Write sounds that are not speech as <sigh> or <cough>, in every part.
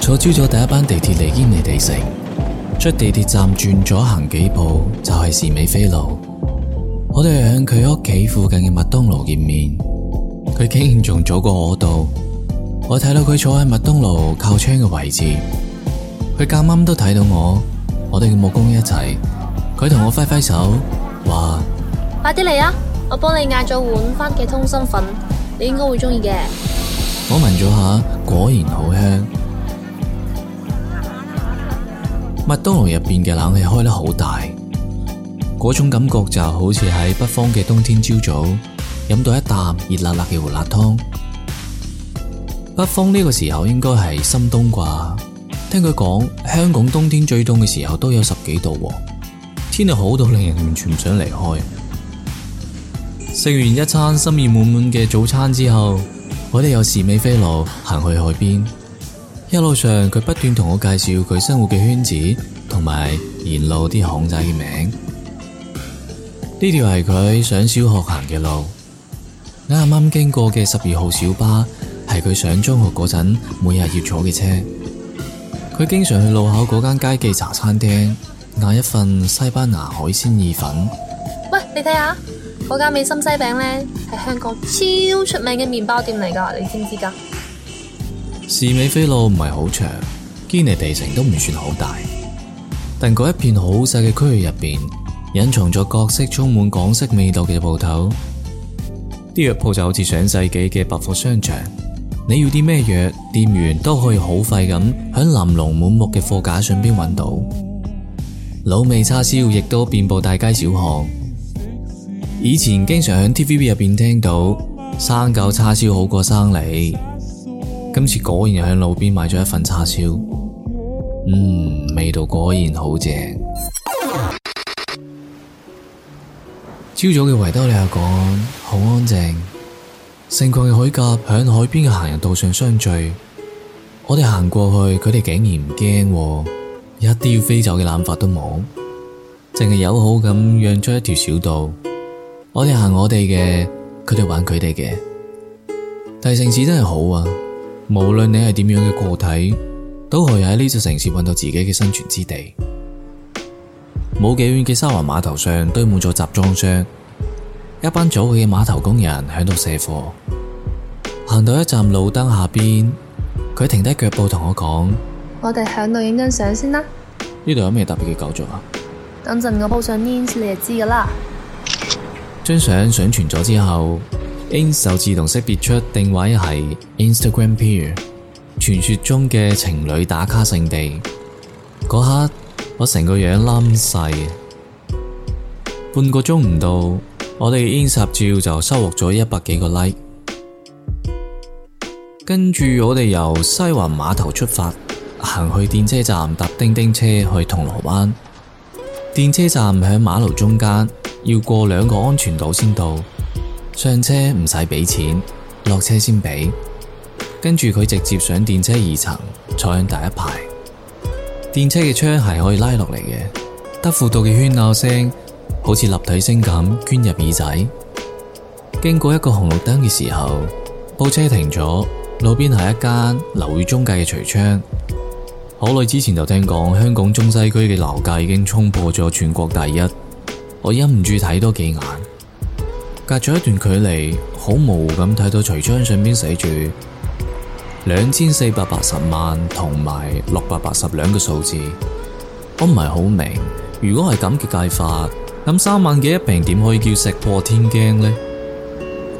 坐朝早第一班地鐵嚟堅尼地城，出地鐵站轉左行幾步就係士美菲路。我哋喺佢屋企附近嘅麥當勞見面。佢竟然仲早過我度。我睇到佢坐喺麥當勞靠窗嘅位置，佢啱啱都睇到我。我哋嘅木工一齊，佢同我揮揮手。快啲嚟啊！我幫你嗌咗碗番茄通心粉，你應該會中意嘅。我聞咗下，果然好香。麥當勞入面嘅冷氣開得好大，嗰種感覺就好似喺北方嘅冬天朝早，飲到一啖熱辣辣嘅胡辣湯。北方呢個時候應該係深冬啩？聽佢講，香港冬天最凍嘅時候都有十幾度喎，天氣好到令人完全唔想離開。食完一餐心意滿滿嘅早餐之後，我哋由士美飛路行去海邊。一路上，佢不斷同我介紹佢生活嘅圈子，同埋沿路啲巷仔嘅名。呢條係佢上小學行嘅路，啱啱經過嘅十二號小巴係佢上中學嗰陣每日要坐嘅車。佢經常去路口嗰間街記茶餐廳，嗌一份西班牙海鮮意粉。喂，你睇下。嗰間美心西餅呢，係香港超出名嘅麵包店嚟噶，你知唔知噶？士美菲路唔係好長，堅尼地城都唔算好大，但嗰一片好細嘅區域入面，隱藏咗各式充滿港式味道嘅鋪頭。啲藥鋪就好似上世紀嘅百貨商場，你要啲咩藥，店員都可以好快咁喺琳琅滿目嘅貨架上邊揾到。滷味叉燒亦都遍布大街小巷。以前經常喺 TVB 入面聽到生嚿叉燒好過生你，今次果然又喺路邊買咗一份叉燒，嗯，味道果然好正。朝 <noise> 早嘅維多利亞港好安靜，成群嘅海鴿響海邊嘅行人道上相聚。我哋行過去，佢哋竟然唔驚，哦，一啲要飛走嘅諗法都冇，淨係友好咁讓出一條小道。我哋行我哋嘅，佢哋玩佢哋嘅。大城市真係好啊，無論你係點樣嘅個體，都可以喺呢座城市揾到自己嘅生存之地。冇幾遠嘅沙灣碼頭上堆滿咗集裝箱，一班早去嘅碼頭工人響度卸貨。行到一站路燈下邊，佢停低腳步同我講，我哋響度影張相先啦。呢度有咩特別嘅構造啊？等陣我鋪上 ins 你就知噶啦。張相上傳咗之後，Ins 就自動識別出定位係 Instagram Pier，傳說中嘅情侶打卡勝地。嗰刻我成個樣冧晒，半個鐘唔到，我哋 Ins 合照就收穫咗一百幾個 like。跟住我哋由西環碼頭出發，行去電車站搭叮叮車去銅鑼灣。電車站響馬路中間，要過兩個安全島先到。上車唔使俾錢，落車先俾。跟住佢直接上電車二層，坐響第一排。電車嘅窗係可以拉落嚟嘅，德輔道嘅喧鬧聲好似立體聲咁鑽入耳仔。經過一個紅綠燈嘅時候，部車停咗，路邊係一間樓宇中介嘅櫥窗。好耐之前就聽講，香港中西區嘅樓價已經衝破咗全國第一，我忍唔住睇多幾眼。隔咗一段距離，好模糊咁睇到櫥窗上面寫住兩千四百八十萬同埋六百八十兩個數字，我唔係好明。如果係咁嘅計法，咁三萬幾一平點可以叫石破天驚呢？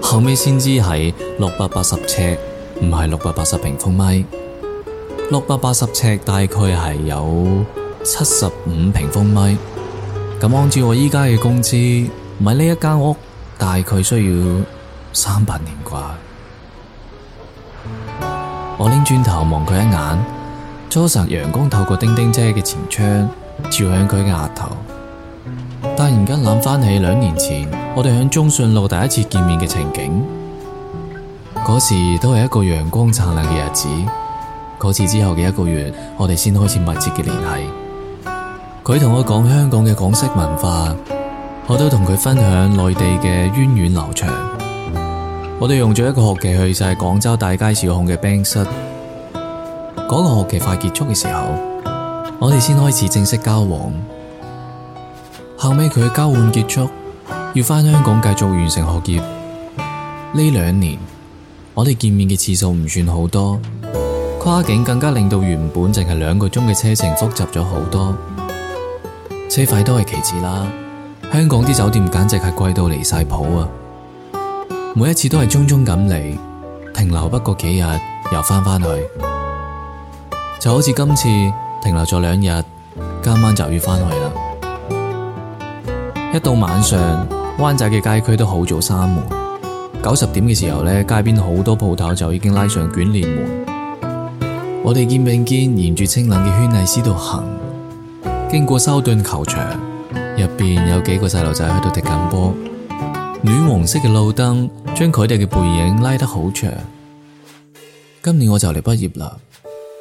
後尾先知係六百八十尺，唔係六百八十平方米。六百八十尺大概係有七十五平方米，咁按照我而家嘅工資，買呢一間屋大概需要三百年啩。我擰轉頭望佢一眼，初晨陽光透過叮叮車嘅前窗照向佢額頭，突然間諗翻起兩年前我哋喺中信路第一次見面嘅情景，嗰時都係一個陽光燦爛嘅日子。嗰次之後嘅一個月，我哋先開始密切嘅聯繫。佢同我講香港嘅港式文化，我都同佢分享內地嘅源遠流長。我哋用咗一個學期去晒廣州大街小巷嘅冰室。嗰、那個學期快結束嘅時候，我哋先開始正式交往。後尾佢交換結束，要返香港繼續完成學業。呢兩年，我哋見面嘅次數唔算好多。跨境更加令到原本淨係兩個鐘嘅車程複雜咗好多，車費都係其次啦。香港啲酒店簡直係貴到離晒譜啊！每一次都係匆匆咁嚟，停留不過幾日又返返去，就好似今次停留咗兩日，今晚就要返去啦。一到晚上，灣仔嘅街區都好早閂門，九十點嘅時候呢，街邊好多鋪頭就已經拉上捲簾門。我哋肩並肩，沿住清冷嘅軒尼詩道行，經過修頓球場，入邊有幾個細路仔喺度踢緊波。暖黃色嘅路燈將佢哋嘅背影拉得好長。今年我就嚟畢業啦，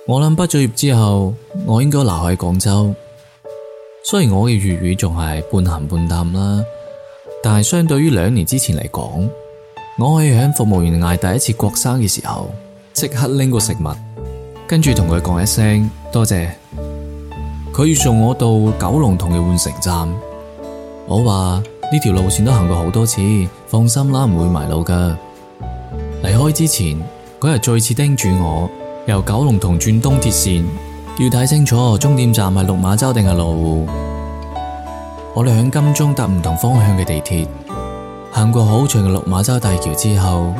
我諗畢咗業之後，我應該留喺廣州。雖然我嘅粵語仲係半鹹半淡啦，但係相對於兩年之前嚟講，我可以喺服務員嗌第一次國生嘅時候，即刻拎個食物。跟住同佢講一聲多謝，佢要送我到九龍塘嘅換乘站。我話呢條路線都行過好多次，放心啦，唔會迷路噶。離開之前，佢又再次叮囑我，由九龍塘轉東鐵線，要睇清楚終點站係落馬洲定係羅湖。我哋響金鐘搭唔同方向嘅地鐵，行過好長嘅落馬洲大橋之後，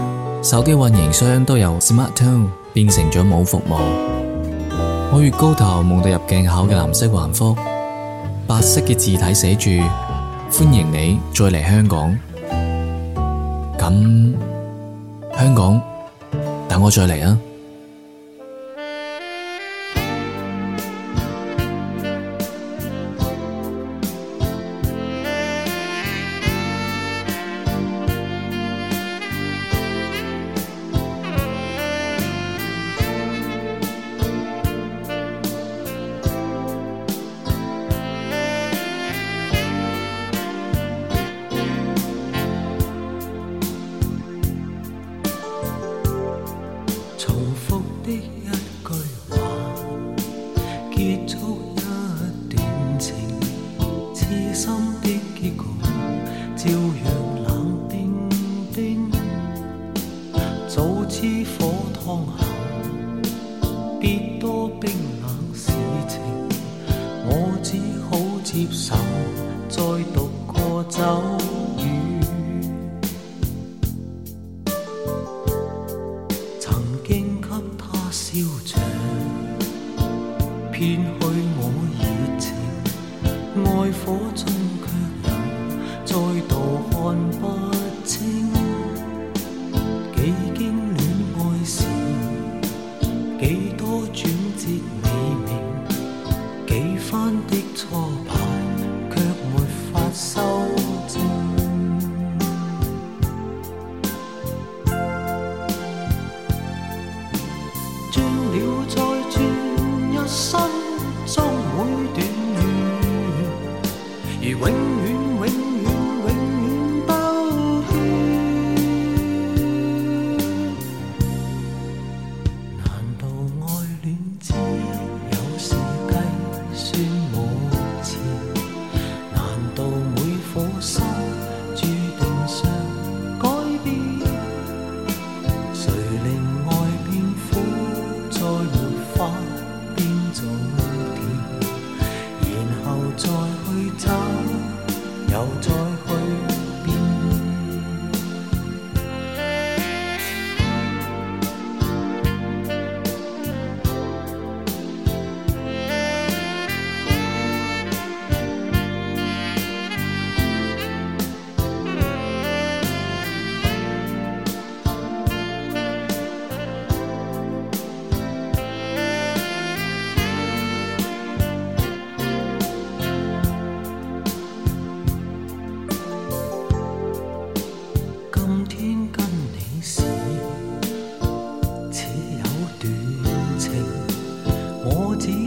手機運營商都有 SmarTone。變成咗冇服務，我越高頭望到入境口嘅藍色橫幅，白色嘅字體寫住歡迎你再嚟香港，咁香港等我再嚟啊！